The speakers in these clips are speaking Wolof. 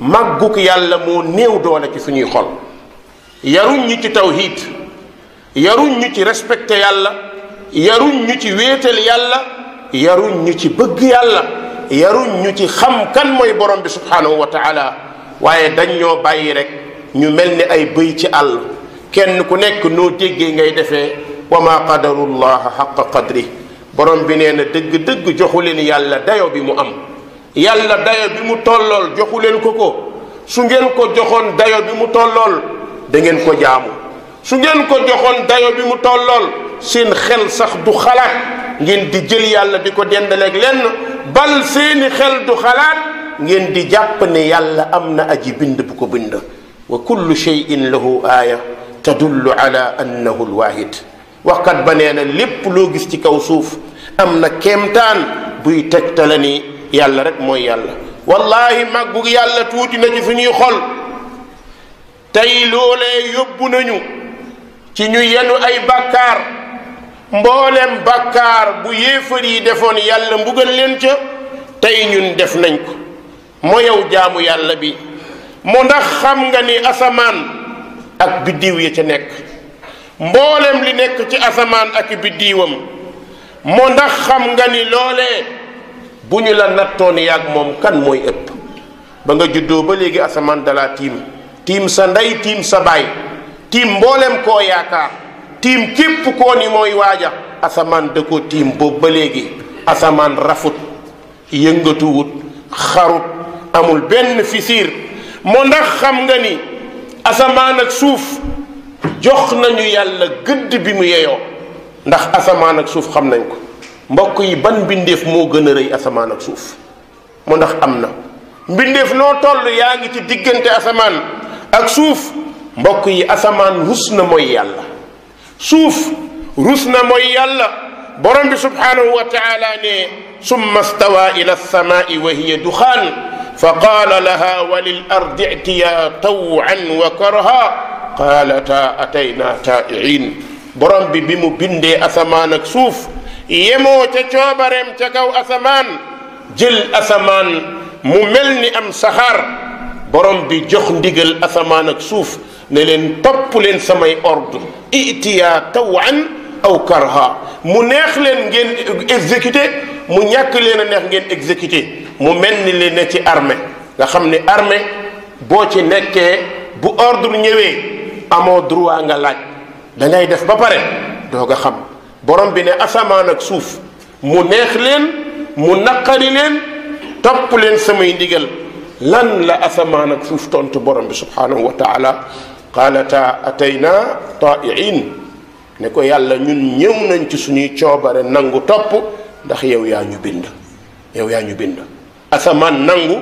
màgguk yàlla moo néew doole ci suñuy xol yaruñ ñu ci tawhid yaruñ ñu ci respecte yàlla yaruñ ñu ci wéetal yàlla yaruñ ñu ci bëgg yàlla yaruñ ñu ci xam kan mooy borom bi subhanahu wa taala waaye dañ ñoo bàyyi rekk ñu mel ni ay bëy ci àll kenn ku nekk noo déggee ngay defee wa ma qadarullaha xaqa qadri borom bi nee na dëgg-dëgg joxu leen yàlla dayo bi mu am yàlla dayo bi mu tollol joxulen ko ko su ngeen ko joxon dayo bi mu tollol da ngeen ko jaamu su ngeen ko joxon dayo bi mu tollol seen xel sax du xalaat ngeen di jël yàlla di ko dendaleeg len bal seen xel du xalaat ngeen di jàpp ne yàlla amna aji bind bu ko bind wa kullu shay'in lahu aya tadullu ala annahu lwahid waxkat ba nee na lépp loo gis ci kaw suuf am na buy yàlla rek mooy yàlla wallahi màggug yàlla tuuti na ci ñuy xol tey loolee yóbbu nañu ci ñu yenu ay bàkkaar mboolem bàkkaar bu yéefar yi defoon yàlla mbugal leen ca tey ñun def nañ ko moo yow jaamu yàlla bi moo ndax xam nga ni asamaan ak biddiw yi ca nekk mboolem li nekk ci asamaan ak biddiwam moo ndax xam nga ni loolee bu ñu la nattoon yàgg moom kan mooy ëpp ba nga juddoo ba léegi asamaan dalaa tiim tiim sa ndey tiim sa baay tiim mboolem koo yaakaar tiim képp koo ni mooy waaja asamaan da ko tiim boobu ba léegi asamaan rafut yëngatuwut xarut amul benn fisiir moo ndax xam nga ni asamaan ak suuf jox nañu yàlla gëdd bi mu yeyoo ndax asamaan ak suuf xam nañ ko mbokk yi ban bindeef moo gën a rëy asamaan ak suuf mu ndax am na mbindeef noo toll yaa ngi ci diggante asamaan ak suuf mbokk yi asamaan rus na mooy yàlla suuf rus na mooy yàlla borom bi subhanahu wa taala ne summa stawa ila alsamai wa hiya duxaan fa qaala laha wa lil ardi itiya tawan wa karha qaalataa atayna taa'iin borom bi bi mu bindee asamaan ak suuf yemoo ca coobareem ca kaw asamaan jël asamaan mu mel ni am saxaar borom bi jox ndigal asamaan ak suuf ne leen topp leen samay ordre itiyaa tawan aw karha mu neex leen ngeen exécuté mu ñàkk leen a neex ngeen exécuté mu mel ni leen ne ci armée nga xam ne arme boo ci nekkee bu ordre ñëwee amoo droit nga laaj dangay def ba pare doo nga xam borom bi ne asamaan ak suuf mu neex leen mu naqari leen topp leen samay ndigal lan la asamaan ak suuf tontu borom bi subhanahu wa taala qaalata atayna taa'iin ne ko yàlla ñun ñëw nañ ci suñuy coobare nangu topp ndax yow yaa ñu bind yow yaa ñu bind asamaan nangu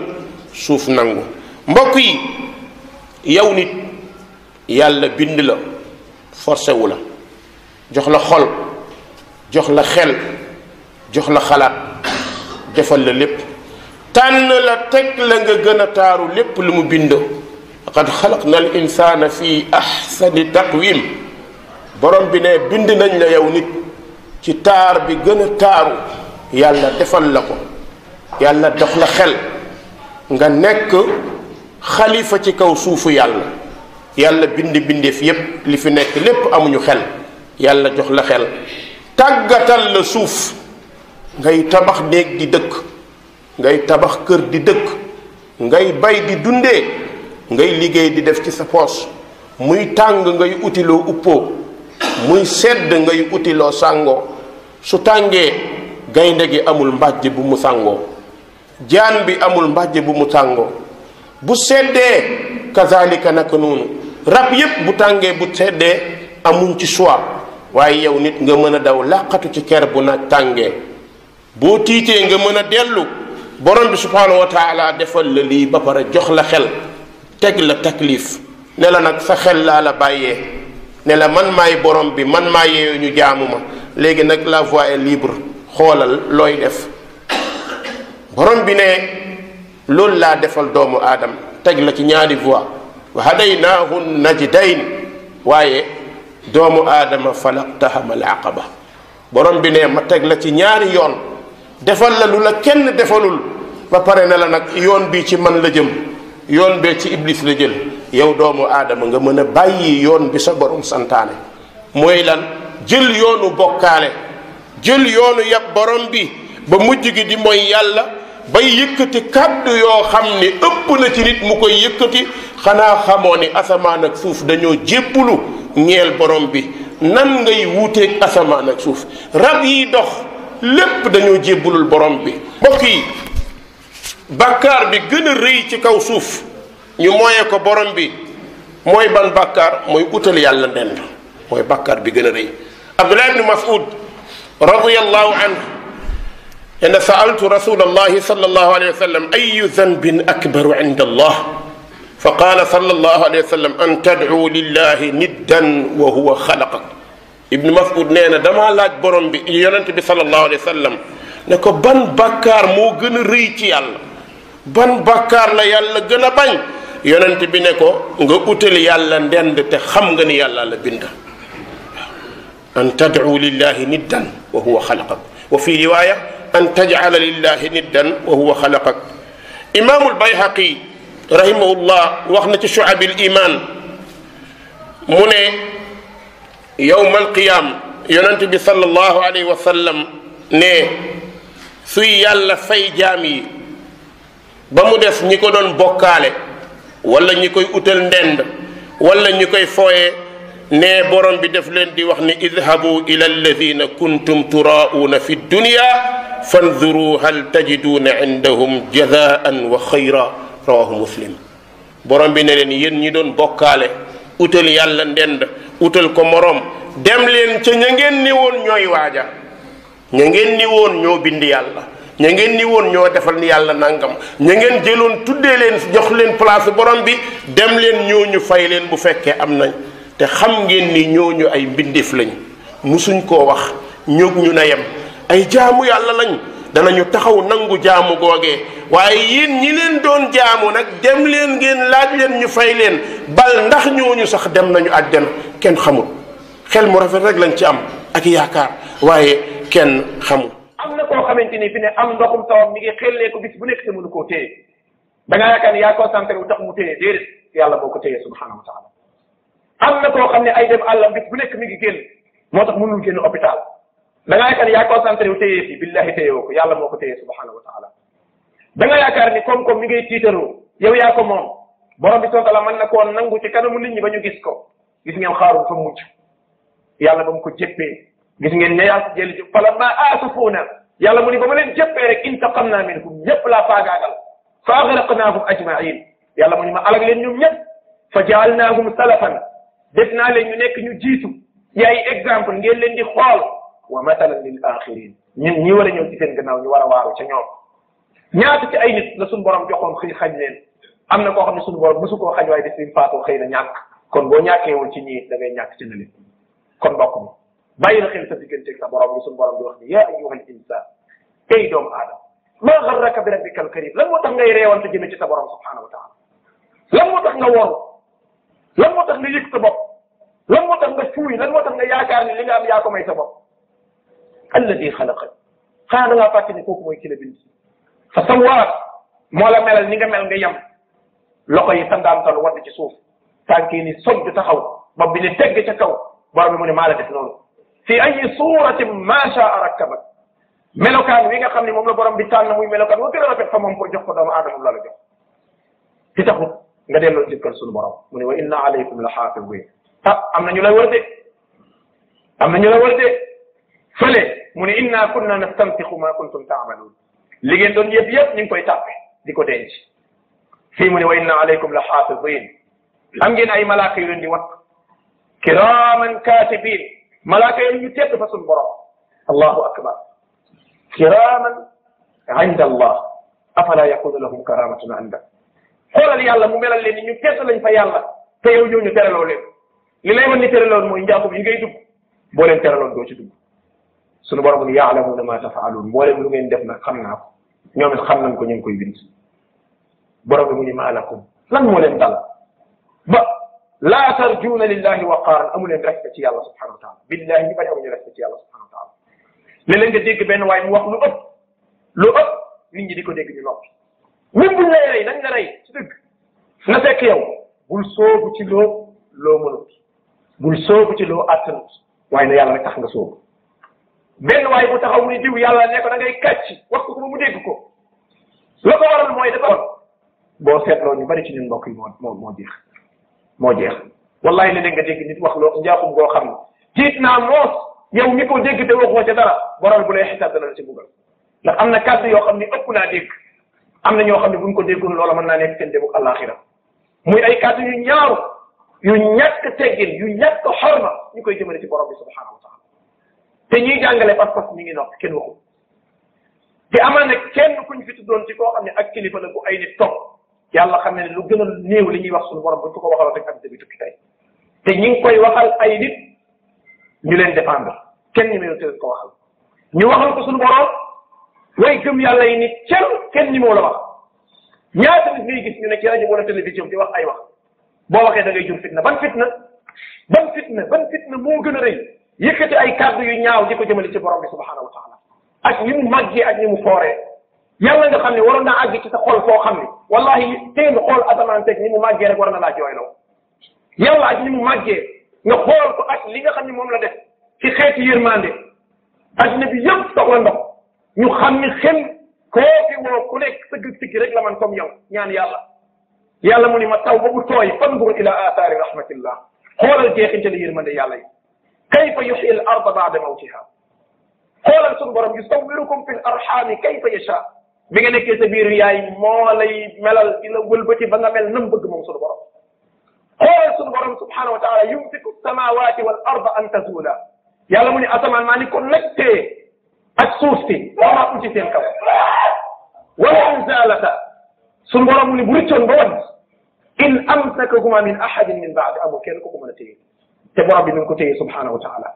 suuf nangu mbokk yi yow nit yàlla bind la forcé wu la jox la xol jox la xel jox la xalaat defal la lépp tànn la teg la nga gën a taaru lépp lu mu bind qad xalaqna al insana fi ahsani taqwim borom bi ne bind nañ la yow nit ci taar bi gën a taaru yàlla defal la ko yàlla dox la xel nga nekk xalifa ci kaw suufu yàlla yàlla bind bindeef yépp li fi nekk lépp amuñu xel yàlla jox la xel tàggatal la suuf ngay tabax néeg di dëkk ngay tabax kër di dëkk ngay bay di dundee ngay liggéey di def ci sa poos muy tàng ngay utiloo uppoo muy sedd ngay wutiloo sàngoo su tàngee gaynde gi amul mbàjj bu mu sàngoo jaan bi amul mbàjj bu mu sàngoo bu seddee kazalika naka noonu rab yépp bu tàngee bu seddee amuñ ci choix waaye yow nit nga mën a daw làqatu ci ker bu naaj tàngee boo tiitee nga mën a dellu borom bi subhaanahu wa defal la lii ba pare jox la xel teg la taklif ne la nag sa xel laa la bàyyee ne la man may borom bi man mayee ñu jaamu ma léegi nag la voie est libre xoolal looy def borom bi ne loolu laa defal doomu aadam teg la ci ñaari voie wa hadaynaahu najdayn waaye doomu aadama falaqtaxama al aqaba borom bi ne ma teg la ci ñaari yoon defal la lu la kenn defalul ba pare ne la nag yoon bii ci man la jëm yoon bee ci iblis la jël yow doomu aadama nga mën a bàyyi yoon bi sa borom santaane mooy lan jël yoonu bokkaale jël yoonu yab borom bi ba mujj gi di mooy yàlla bay yëkkati kàddu yoo xam ni ëpp na ci nit mu koy yëkkati xanaa xamoo ni asamaan ak suuf dañoo jéppulu ñeel borom bi nan ngay wuuteeg asamaan ak suuf rab yi dox lépp dañoo jébbulul borom bi mbokk yi bàkkaar bi gën a rëy ci kaw suuf ñu mooyee ko borom bi mooy ban bàkkaar mooy utal yàlla ndend mooy bàkkaar bi gën a rëy abdullah ibni masud radiallahu anhu en saaltu rasul allahi sal allahu alehi wa sallam ayu zanbin akbaru inda allah فقال صلى الله عليه وسلم أن تدعو لله ندا وهو خلقك ابن مسعود nee na damaa laaj borom bi yonent bi sallallahu alayhi wa sallam ne ko ban bàkkaar moo gën a rëy ci yàlla ban bàkkaar la yàlla gën a bañ yonent bi ne ko nga utal yàlla ndend te xam nga ni yàlla la bind an tad'u lillahi niddan wa huwa xalaqak wa fi riwaya an taj'ala lillahi niddan wa huwa xalaqak imaamul bayhaqi رحمه الله وخنا تي شعب الايمان من يوم القيام يونت بي صلى الله عليه وسلم ني سوي يالا فاي جامي بامو ديس نيكو دون بوكالي ولا نيكو اوتل ندند ولا نيكو فوي ني بوروم بي ديف لين دي وخني اذهبوا الى الذين كنتم تراؤون في الدنيا فانظروا هل تجدون عندهم جزاء وخيرا rawahu muslim borom bi ne leen yéen ñi doon bokkaale utal yàlla ndend wutal ko moroom dem leen ca ña ngeen ni woon ñooy waaja ña ngeen ni woon ñoo bind yàlla ña ngeen ni woon ñoo defal ni yàlla nangam ña ngeen jëloon tuddee leen jox leen place borom bi dem leen ñu fay leen bu fekkee am na te xam ngeen ni ñooñu ay mbindeef lañ musuñ koo wax ñoog ñu na yem ay jaamu yàlla lañ danañu taxaw nangu jaamu googee waaye yéen ñi leen doon jaamu nag dem leen ngeen laaj leen ñu fay leen bal ndax ñooñu sax dem nañu ak àjjana kenn xamul xel mu rafet rek lañ ci am ak yaakaar waaye kenn xamul. am na koo xamante ni fi ne am ndoxum tawam mi ngi xellee ko bis bu nekk te mënu koo téye da ngaa yaakaar tax mu téye yàlla boo ko téyee subhanahu am na koo xam ne ay dem àllam bis bu nekk mi ngi génn moo tax mënul génn hôpital. da nga yaakaar ni yàlla moo ko téye subhanahu wa taala da nga ni koom-koom mi ngay tiitaroo yow yaa ko moom borom bi sonta la mën na koo nangu ci kanamu nit ñi ba ñu gis ko gis ngeen xaaru fa mujj yàlla ba mu ko jëppee gis ngeen ne yaa jël falamma aasufuuna yàlla mu ni ba ma leen jëppee rek intaqamna minhum ñëpp laa faagaagal fa agraqnaahum ajmain yàlla mu ni ma alag leen ñoom ñëpp fa jaalnaahum salafan def naa leen ñu nekk ñu jiitu yaay exemple ngeen leen di xool ومثلا للآخرين من ني ولا نيو تيفن غناو ني وارا وارو تي نيو نياتو تي اي نيت لا سون بوروم جوخون خي خاج لين امنا كو خامي سون بوروم مسو كو خاج واي ديفين فاتو خينا نياك كون بو نياكي وول تي ني دا نياك تي نالي كون باكوم باير خيل سا ديغنتي سا بوروم سون بوروم دي واخني يا ايها الانسان اي دوم ادم ما غرك بربك الكريم لم موتاخ غاي ريوان تي جيمي سا بوروم سبحانه وتعالى لم موتاخ نا وور لم موتاخ لي ييك سا بوب لم موتاخ نا فوي لم موتاخ نا ياكار ني لي نام ياكو ماي سا بوب الذي خلقك xana nga fàttali kooku mooy ki la bind fa sawaat moo la melal ni nga mel nga yem loxo yi sandaantal wadd ci suuf tànk yi ni sojj taxaw bopp bi ni tegg ca kaw borom bi mu ne maa la def noonu fi ayi suuratin maa shaa rakkabak melokaan wi nga xam ne moom la borom bi tànn muy melokaan wa gën a rafet fa moom pour jox ko doomu aadama la la jox ci taxut nga delloo jëkkal sunu borom mu ne wa inna alaykum la xaafidin ah am na ñu lay wër de am na ñu lay wër de fële mu ne inna kunna nastamtixu ma kuntum taamaluun li ngeen doon yëpp yëpp ñu ngi koy tàppe di ko denc fii mu ne wa inna alaykum la xaafidin am ngeen ay malaaka yu leen di wat kiraaman kaatibin malaaka yooyu ñu tedd fa suñ borom allahu akbar kiraaman inda allah afala yakunu lahum karamatun indak xoolal yàlla mu melal leen ni ñu tedd lañ fa yàlla te yow ñoo ñu tereloo leen li lay wan ni teraloon mooy njaaxum yi ngay dugg boo leen teraloon doo ci dugg sunu borom ni ya'lamu ma tafaaluun mboolem lu ngeen def nag xamna ko ñoom it xam nañ ko ñing koy bind borom mu ni ma lakum lan mo leen dal ba la tarjuna lillahi wa qara amu leen rek ci yàlla subhanahu wa taala billahi ni bari amuñu rek ci yàlla subhanahu wa taala le leeg nga deg ben way mu wax lu upp lu upp nit ñi di ko dégg ñu noppi même buñ lay rey nañ la ray ci deug na fekk yow bul soobu ci lo loo mënut bul soobu ci lo attanut waye na yàlla rek tax nga soobu benn waay bu taxaw mu ni diw yàlla ne ko da ngay kàcc ko ko mu dégg ko la ko waral mooy dafa woon boo seetloo ñu bari ci ñun mbokk yi moo moo moo jeex moo jeex wallahi leneen nga dégg nit wax loo njaaxum goo xam ne jiit naa moos yow mi ko dégg te waxoo ca dara borom bu lay xisaab dana la ci buggal ndax am na kàddu yoo xam ne ëpp naa dégg am na ñoo xam ne buñ ko déggoon loola mën naa nekk seen dégg àllaaxira muy ay kàddu yu ñaaru yu ñàkk teggin yu ñàkk xorma ñu koy jëmale ci borom te ñuy jàngale pas-pas mi ngi nopp kenn waxu di amal ne kenn kuñ fi tuddoon ci koo xam ne ak kilifa la bu ay nit topp yàlla xam ne lu gën a néew li ñuy wax suñu borom buñ ko ko waxal rek ak bi tukki tey te ñi ngi koy waxal ay nit ñu leen dépendre kenn ñi mënu ko waxal ñu waxal ko suñu borom way gëm yàlla yi ni cër kenn ñi moo la wax ñaata nit ngay gis ñu ne ci rajo wala télévision di wax ay wax boo waxee da ngay jur fitna ban fitna ban fitna ban fitna moo gën a rëy yëkkati ay kàddu yu ñaaw di ko jëmale ci borom bi subhanahu wa taala ak ni mu màggee ak ni mu fooree yàlla nga xam ne waroon naa àgg ci sa xol foo xam ne wallahi téen xool asamaan teg ni mu màggee rek war na laa jooyloo yàlla ak ni mu màggee nga xool ko ak li nga xam ne moom la def ci xeeti yërmande àddina bi yëpp soxla ndox ñu xam ni xel koo fi woo ku nekk sëgg sikki rek la man comme yow ñaan yàlla yàlla mu ni ma taw ba bu tooy fan ila aathaari rahmatillah xoolal jeexinte la yërmande yàlla yi كيف يحيي الأرض بعد موتها قال سنبرم يصوركم في الأرحام كيف يشاء بغن كتبير رياي مولي ملل إلا ولبتي فنمل نمبق من سنبرم قال سنبرم سبحانه وتعالى يمسك السماوات والأرض أن تزولا يعلمني أتمنى ماني كنكت أكسوستي وما أمتي تلك ولا أنزالتا سنبرم لبريتون بوانس إن أمسكهما من أحد من بعد أبو كيركم من تلك te borom bi mi ngi ko téye subhanahu wa taala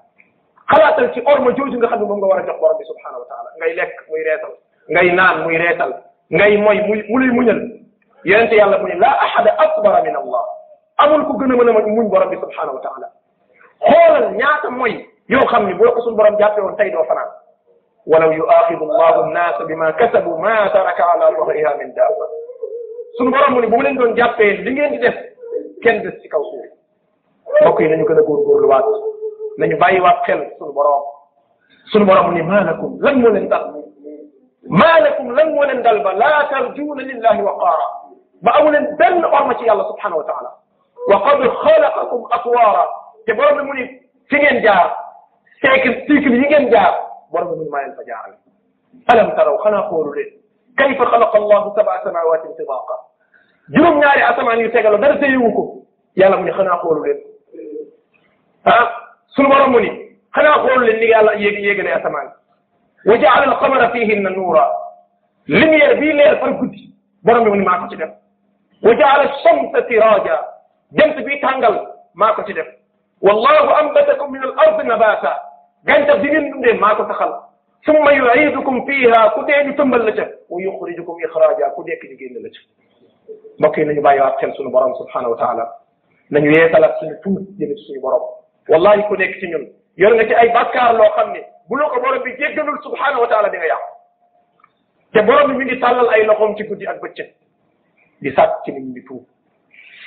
xalaatal ci orma jooju nga xam ne moom nga war a jox borom bi subhanahu wa taala ngay lekk muy reetal ngay naan muy reetal ngay moy muy mu luy muñal yonente yàlla mu ne laa ahada akbara min allah amul ku gën a mën a muñ borom bi subhanahu wa taala xoolal ñaata moy yoo xam ni bu la ko suñ borom jàppee woon tey doo fanaan ولو يؤاخذ الله الناس بما كسبوا ما ترك على ظهرها من دابة سن برام من بولن دون جابين لين دي ديف كين ديس سي كاو سوف mbokk yi nañu gën a góorgóorlu waat nañu bàyyi waat xel sunu borom sunu borom ni maalakum lan moo leen dal maalakum lan moo leen dal ba laa tarjuuna lillahi waqaara ba amu leen benn orma ci yàlla subhanahu wa taala wa qad xalaqakum atwaara te borom bi mu ni fi ngeen jaar cycle cycle yi ngeen jaar borom bi mu ni maa leen fa jaarale alam taraw xanaa xoolu leen kayfa xalaqa allahu sabaa samaawatin tibaaqa juróom ñaari asamaan yu tegaloo dara téyewu ko yàlla mu ni xanaa xoolu leen ah sunu borom mu ni xanaa xool leen ni yàlla yéeg yéegale asamaan wa jaala alqamara fihinna nuura lumière bii leer far guddi borom bi mu ni maa ko ci def wa jaala alchamsa siraja jant bi tàngal maa ko ci def wallahu ambatakum min al ard nabata gàncax bi ngeen dundee maa ko saxal ثم يعيدكم فيها كدين تمبل لك ويخرجكم إخراجا كديك لجين لك mbokk yi nañu bàyyiwaat xel suñu borom subhanahu wa taala nañu yeesalaat suñu tuub jëme suñu borom والله كو نيك سي نيون يور نتي اي بكار لو خامني بولو كو بوروبي جيغنول سبحانه وتعالى ديغا يا تي بوروبي ميغي تالال اي لوخوم تي كودي اك بچي دي سات تي ميغي تو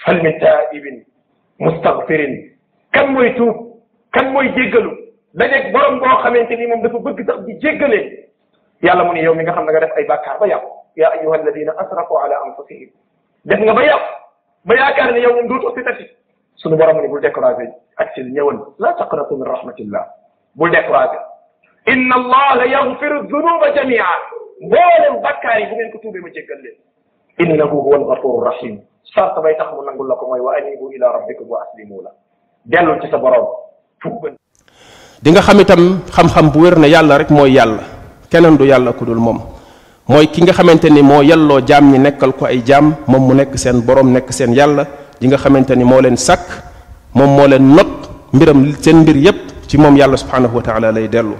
فل متائب مستغفر كم موي توب كم موي جيغلو داجيك بوروم بو خامنتي موم دافا بڬ تاخ دي جيغلي يالا موني يوم ميغا خامنا غا ديف اي بكار با يا يا ايها الذين اسرفوا على انفسهم ديف nga ba yaq ba yaakaar ne yow moom dootoo si tafi suñu borom ne bul découragé ak si ñëwal la taqratu min rahmatillah bul découragé inna allaha yaghfiru dhunuba jamia mboolem bakkaar yi bu ngeen ko tuubee ma jéggal leen innahu huwa alghafuru rahim sart bay tax mu nangul la ko mooy wa anibu ila rabbikum wa aslimu la dellul ci sa borom tuubal di nga xam itam xam-xam bu wér ne yàlla rek mooy yàlla keneen du yàlla ku dul moom mooy ki nga xamante ni moo yelloo jaam ñi nekkal ko ay jaam moom mu nekk seen borom nekk seen yàlla yi nga xamante ni moo leen sàkk moom moo leen not mbiram seen mbir yépp ci moom yàlla subhanahu wa taala lay dellu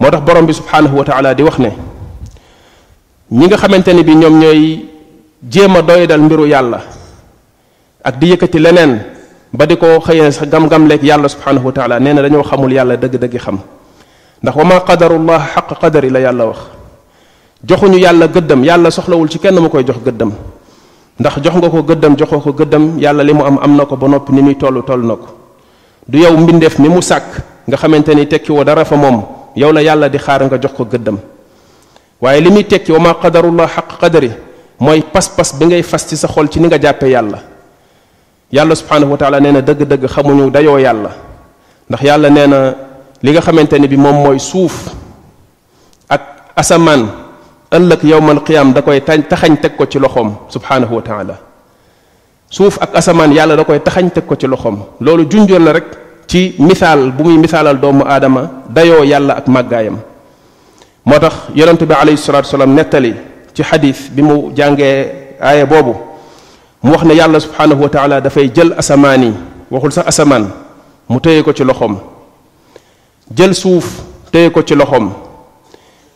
moo tax borom bi subhanahu wa taala di wax ne ñi nga xamante bi ñoom ñooy jéem a doyadal mbiru yàlla ak di yëkkati leneen ba di ko xëyee sax gam-gam leeg yàlla subhanahu wa taala nee na dañoo xamul yàlla dëgg-dëgg xam ndax wa ma qadarullah xaq qadari la yàlla wax joxuñu yàlla gëddam yàlla soxlawul ci kenn mu koy jox gëddam ndax jox nga ko gëddam joxoo ko gëddam yàlla li mu am am na ko ba noppi ni muy toll toll na ko du yow mbindeef mi mu sàkk nga xamante ni tekki woo dara fa moom yow la yàlla di xaar nga jox ko gëddam waaye li muy tekki wa ma qadarullah xaq qadari mooy pas-pas bi ngay fas ci sa xol ci ni nga jàppee yàlla yàlla subhanahu wa taala nee na dëgg-dëgg xamuñu dayoo yàlla ndax yàlla nee na li nga xamante ni bi moom mooy suuf ak asamaan ëllëg yowmal qiyam da koy taxañ teg ko ci loxoom subhanahu wa taala suuf ak asamaan yàlla da koy taxañ teg ko ci loxoom loolu junjoon la rek ci misaal bu muy misaalal doomu aadama dayoo yàlla ak màggaayam moo tax yonent bi alayhi salatu salaam nettali ci xadis bi mu jàngee aaya boobu mu wax ne yàlla subhanahu wa taala dafay jël asamaan yi waxul sax asamaan mu téye ko ci loxoom jël suuf téye ko ci loxoom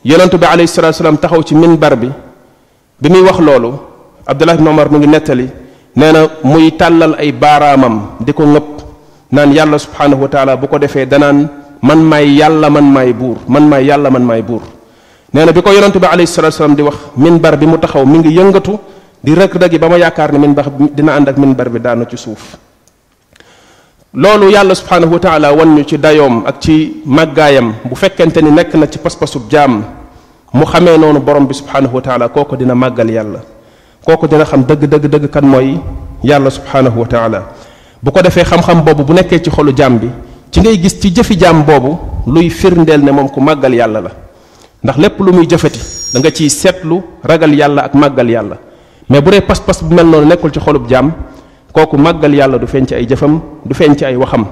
yonentu bi alayhi salatu wasalam taxaw ci minbar bi bi muy wax loolu abdullah ibn omar mu ngi nettali nee na muy tàllal ay baaraamam di ko ngëpp naan yàlla subhanahu wa taala bu ko defee danaan man maay yàlla man maay buur man maay yàlla man maay buur nee na bi ko yonentu bi alayhi salatu wasalam di wax minbar bi mu taxaw mi ngi yëngatu di rëg-rëgi ba ma yaakaar ne minbar dina ànd ak minbar bi daanu ci suuf loolu yàlla subhanahu wa taala wan ñu ci dayoom ak ci màggaayam bu fekkente ni nekk na ci pas-pasub jaam mu xamee noonu borom bi subhanahu wa taala kooku dina màggal yàlla kooku dina xam dëgg dëgg dëgg kan mooy yàlla subhanahu wa taala bu ko defee xam-xam boobu bu nekkee ci xolu jaam bi ci ngay gis ci jëfi jaam boobu luy firndeel ne moom ku màggal yàlla la ndax lépp lu muy jëfati da nga ciy seetlu ragal yàlla ak màggal yàlla mais bu dee pas-pas bu mel noonu nekkul ci xolub jaam kooku màggal yàlla du feeñ ci ay jëfam du feeñ ci ay waxam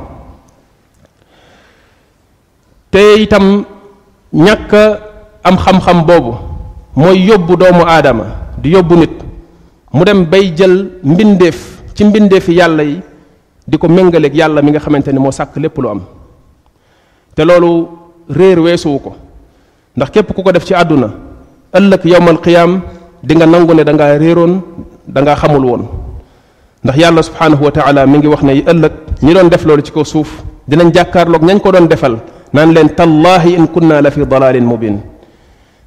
te itam ñàkk am xam-xam boobu mooy yóbbu doomu aadama di yóbbu nit mu dem bay jël mbindeef ci mbindeefi yàlla yi di ko méngaleeg yàlla mi nga xamante ni moo sàkk lépp lu am te loolu réer weesuwu ko ndax képp ku ko def ci àdduna ëllëg yowmal qiyaam di nga nangu ne da réeroon danga xamul woon ndax yàlla subhanahu wa taala mi ngi wax ne ëllëg ñi doon def loolu ci kaw suuf dinañ jàkkaarloog ñañ ko doon defal naan leen tallahi in kunna la fi dalalin mubin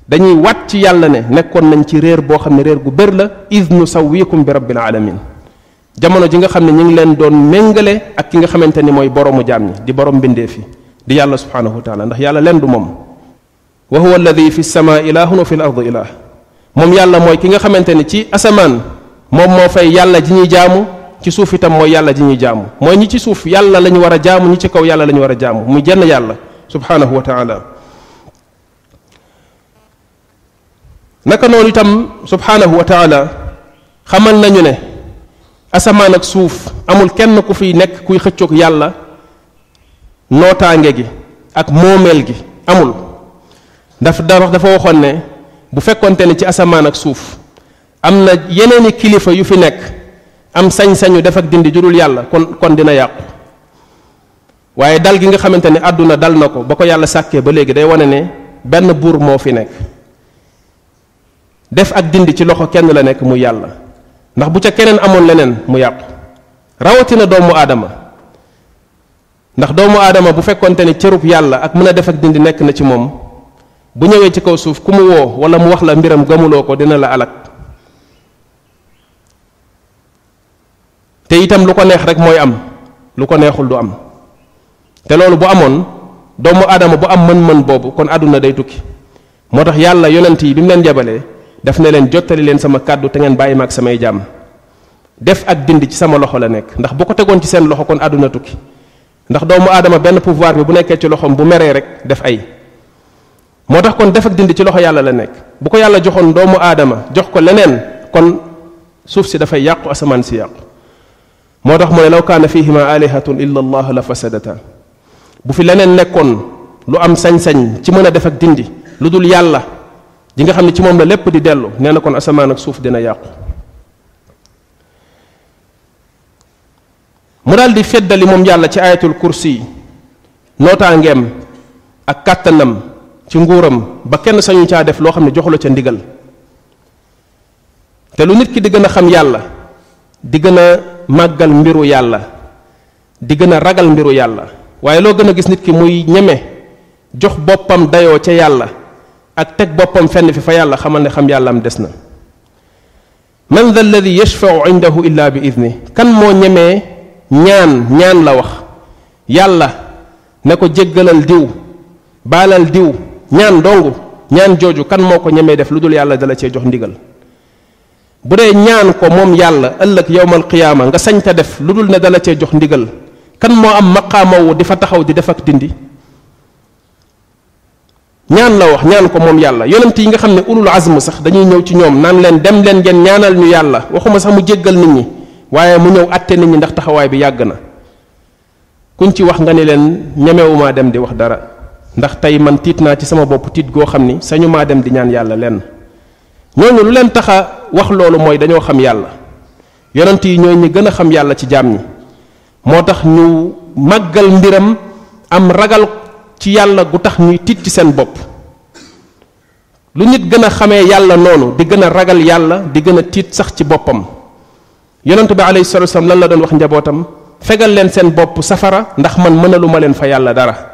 dañuy wat ci yàlla ne nekkoon nañ ci réer boo xam ne réer gu bër la id bi rabbil alamin jamono ji nga xam ne ñu ngi leen doon méngale ak ki nga xamante ni mooy boromu jaam ñi di borom bindee fi di yàlla subhanahu wa taala ndax yàlla leen du moom wa huwa alladhi fi sama ilahun wa fi l ard ilah moom yàlla mooy ki nga xamante ni ci asamaan mom mo fay yàlla ji ñi jaamu ci suuf itam mooy yàlla ji ñi jaamu mooy ñi ci suuf yàlla lañu wara jaamu ñi ci kaw yàlla lañu wara jaamu muy jenn yàlla subhanahu wa taala naka non itam subhanahu wa taala xamal nañu ne asamaan ak suuf amul kenn ku fi nekk kuy xëccoog yàlla nootaange gi ak moomeel gi amul daf dafa waxoon ne bu fekkonte ne ci asamaan ak suuf am na yeneen yeneeni kilifa yu fi nekk am sañ-sañu def ak dindi jurul yàlla kon kon dina yàqu waaye dal gi nga xamante ni àdduna dal na ko ba ko yàlla sàkkee ba léegi day wane ne benn buur moo fi nekk def ak dindi ci loxo kenn la nekk mu yàlla ndax bu ca keneen amoon leneen mu yàqu rawatina doomu aadama ndax doomu aadama bu fekkonte ne cërub yàlla ak mën a def ak dindi nekk na ci moom bu ñëwee ci kaw suuf ku mu woo wala mu wax la mbiram gëmuloo ko dina la alak te itam lu ko neex rek mooy am lu ko neexul du am te loolu bu amoon doomu aadama bu am mën-mën boobu kon aduna day tukki moo tax yàlla yonent yi bi mu leen jabalee daf ne leen jottali sama kàddu te ngeen bàyyi samay jàmm def ak dindi ci sama loxo la nekk ndax bu ko tegoon ci seen loxo kon aduna tukki ndax doomu aadama benn pouvoir bi bu nekkee ci loxom bu meree rek def ay moo kon def ak dindi ci loxo yàlla la nekk bu ko yàlla joxoon doomu aadama jox ko leneen kon suuf si dafay yàqu asamaan si yàqu moo tax mu ne law kaana fihima alihatun illa allah la fasadata bu fi leneen nekkoon lu am sañ-sañ ci mën a def ak dindi lu dul yàlla di nga xam ne ci moom la lépp di dellu nee na kon asamaan ak suuf dina yàqu mu daal di feddali moom yàlla ci ayatul kursi nootaangeem ak kàttanam ci nguuram ba kenn sañu caa def loo xam ne joxula ca ndigal te lu nit ki di gën a xam yàlla di gën a màggal mbiru yàlla di gën a ragal mbiru yàlla waaye loo gën a gis nit ki muy ñeme jox boppam dayoo ca yàlla ak teg boppam fenn fi fa yàlla xamal ne xam yàllaam des na man dha alladi yashfau indahu illa bi idni kan moo ñemee ñaan ñaan la wax yàlla ne ko jéggalal diw baalal diw ñaan dongu ñaan jooju kan moo ko ñemee def lu dul yàlla dala cee jox ndigal bu dee ñaan ko moom yàlla ëllëg yowmal qiyaama nga sañ ta def lu dul ne dala cee jox ndigal kan moo am maqaamawu di fa taxaw di def ak dindi ñaan la wax ñaan ko moom yàlla yonent yi nga xam ne ulul azm sax dañuy ñëw ci ñoom naan leen dem leen ngeen ñaanal ñu yàlla waxuma sax mu jéggal nit ñi waaye mu ñëw àtte nit ñi ndax taxawaay bi yàgg na kuñ ci wax nga ni leen ñemewumaa dem di wax dara ndax tey man tiit naa ci sama bopp tiit goo xam ni sañu maa di ñaan yàlla lenn ñooñu lu leen tax a wax loolu mooy dañoo xam yàlla yonent yi ñooy ñi gën a xam yàlla ci jaam ñi moo tax ñu màggal mbiram am ragal ci yàlla gu tax ñuy tit ci seen bopp lu nit gën a xamee yàlla noonu di gën a ragal yàlla di gën a tiit sax ci boppam yonent bi alayhi salatu wasalam lan la doon wax njabootam fegal leen seen bopp safara ndax man mënaluma leen fa yàlla dara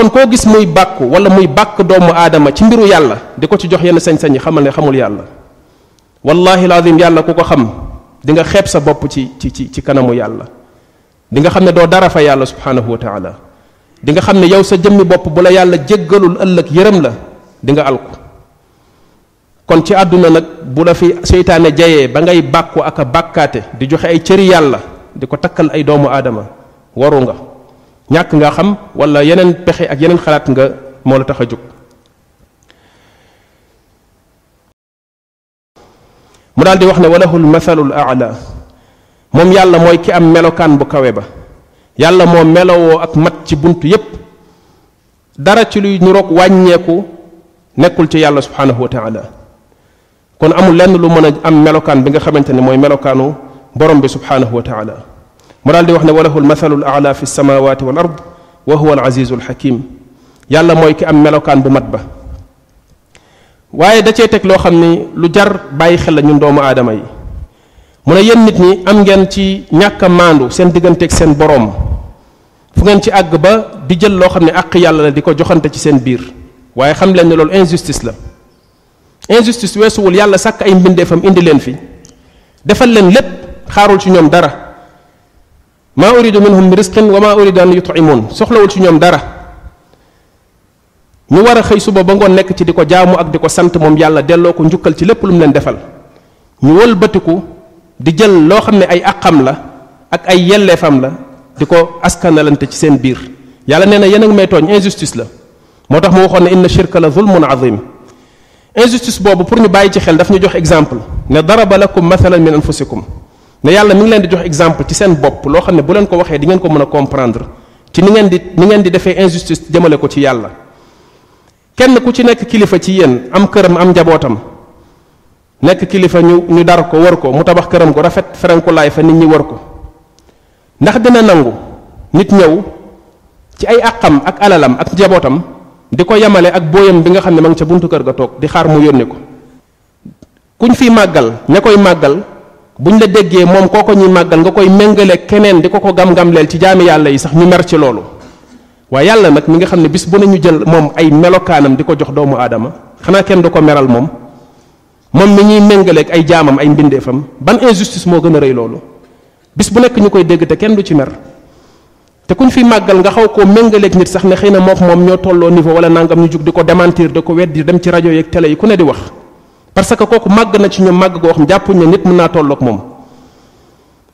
kon koo gis muy bàkku wala muy bàkk doomu aadama ci mbiru yàlla di ko ci jox yenn sañ-sañ yi xamal ne xamul yàlla wallahi lazim yàlla ku ko xam di nga xeeb sa bopp ci ci ci ci kanamu yàlla di nga xam ne doo dara fa yàlla subhanahu wa taala di nga xam ne yow sa jëmmi bopp bu la yàlla jéggalul ëllëg yërëm la di nga alku kon ci àdduna nag bu la fi seytaane jayee ba ngay bàkku ak a bàkkaate di joxe ay cëri yàlla di ko takkal ay doomu aadama waru nga ñàkk nga xam wala yeneen pexe ak yeneen xalaat nga moo la tax a jóg mu daal di wax ne walahul masalul aala moom yàlla mooy ki am melokaan bu kawe ba yàlla moo melowoo ak mat ci bunt yépp dara ci luy niroog wàññeeku nekkul ci yàlla subhanahu wa taala kon amul lenn lu mën a am melokaan bi nga xamante ne mooy melokaanu borom bi subhanahu wa taala mu daal di wax ne walahul mathalul ala fi samawati wal ard wa huwa al azizul hakim yàlla mooy ki am melokaan bu mat ba waaye da cee teg loo xam ni lu jar bàyyi xel la ñun doomu aadama yi mu ne yéen nit ñi am ngeen ci ñàkk a maandu seen digganteeg seen boroom fu ngeen ci àgg ba di jël loo xam ne àq yàlla la di ko joxante ci seen biir waaye xam leen ne loolu injustice la injustice weesuwul yàlla sàkk ay mbindeefam indi leen fi defal leen lépp xaarul ci ñoom dara ما اريد منهم رزقا وما اريد ان يطعمون سخلا ول سي نيوم دارا ني ورا خي سوبا با نغون نيك تي ديكو جامو اك ديكو سانت موم يالا ديلو كو نجوكال تي ليپ لوم نين ديفال ني ول باتيكو دي جيل لو خامني اي اقام لا اك اي يلفام لا ديكو اسكانالنت تي سين بير يالا نينا يانا مي توغ انجستيس لا موتاخ مو وخون ان الشرك لظلم عظيم انجستيس بوبو بور ني باي تي خيل داف ني جوخ اكزامبل ضرب لكم مثلا من انفسكم ne yàlla mi ngi leen di jox exemple ci seen bopp loo xam ne bu leen ko waxee di ngeen ko mën a comprendre ci ni ngeen di ni ngeen di defee injustice jëmale ko ci yàlla kenn ku ci nekk kilifa ci yéen am këram am njabootam nekk kilifa ñu ñu dar ko war ko mu tabax këram gu rafet ferenkulaay fa nit ñi war ko ndax dina nangu nit ñëw ci ay àqam ak alalam ak njabootam di ko yemale ak booyam bi nga xam ne ma ngi ca buntu kër ga toog di xaar mu yónni ko kuñ fi màggal ña koy màggal bu buñ la déggee moom kooko ñuy màggal nga koy méngale keneen di ko ko gam-gamleel ci jaami yàlla yi sax ñu mer ci loolu waaye yàlla nag mi nga xam ne bis bu ne ñu jël moom ay melokaanam di ko jox doomu aadama xanaa kenn du ko meral moom moom mi ñuy méngaleeg ay jaamam ay mbindeefam ban injustice moo gën a rëy loolu bis bu nekk ñu koy dégg te kenn du ci mer te kuñ fi màggal nga xaw koo méngaleeg nit sax ne xëy na moom moom ñoo tolloo niveau wala nangam ñu jug di ko démentir di ko weddi dem ci rajo yeeg yi ku ne di wax parce que kooku màgg na ci ñoom màgg goo xam jàppuñ ne nit mën naa tolloog moom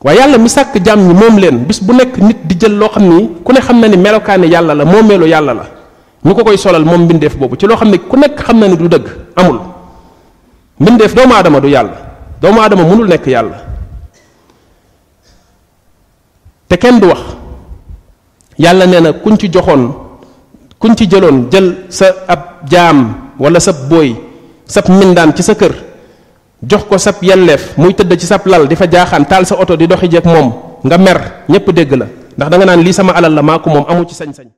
waaye yàlla mi sàkk jàmm ñi moom leen bis bu nekk nit di jël loo xam ni ku ne xam na ni melokaane yàlla la moo meelu yàlla la ko koy solal moom mbindeef boobu ci loo xam ne ku nekk xam na ni du dëgg amul mbindeef doomu aadama du yàlla doomu aadama mënul nekk yàlla te kenn du wax yàlla nee na kuñ ci joxoon kuñ ci jëloon jël sa ab jaam wala sa booy sab mindam ci sa kër jox ko sab yellef muy tëdd ci sab lal di fa jaaxaan taal sa oto di doxi mom mom nga mer ñepp dégg la ndax da nga naan lii sama alal la maa ko amu ci sañ-sañ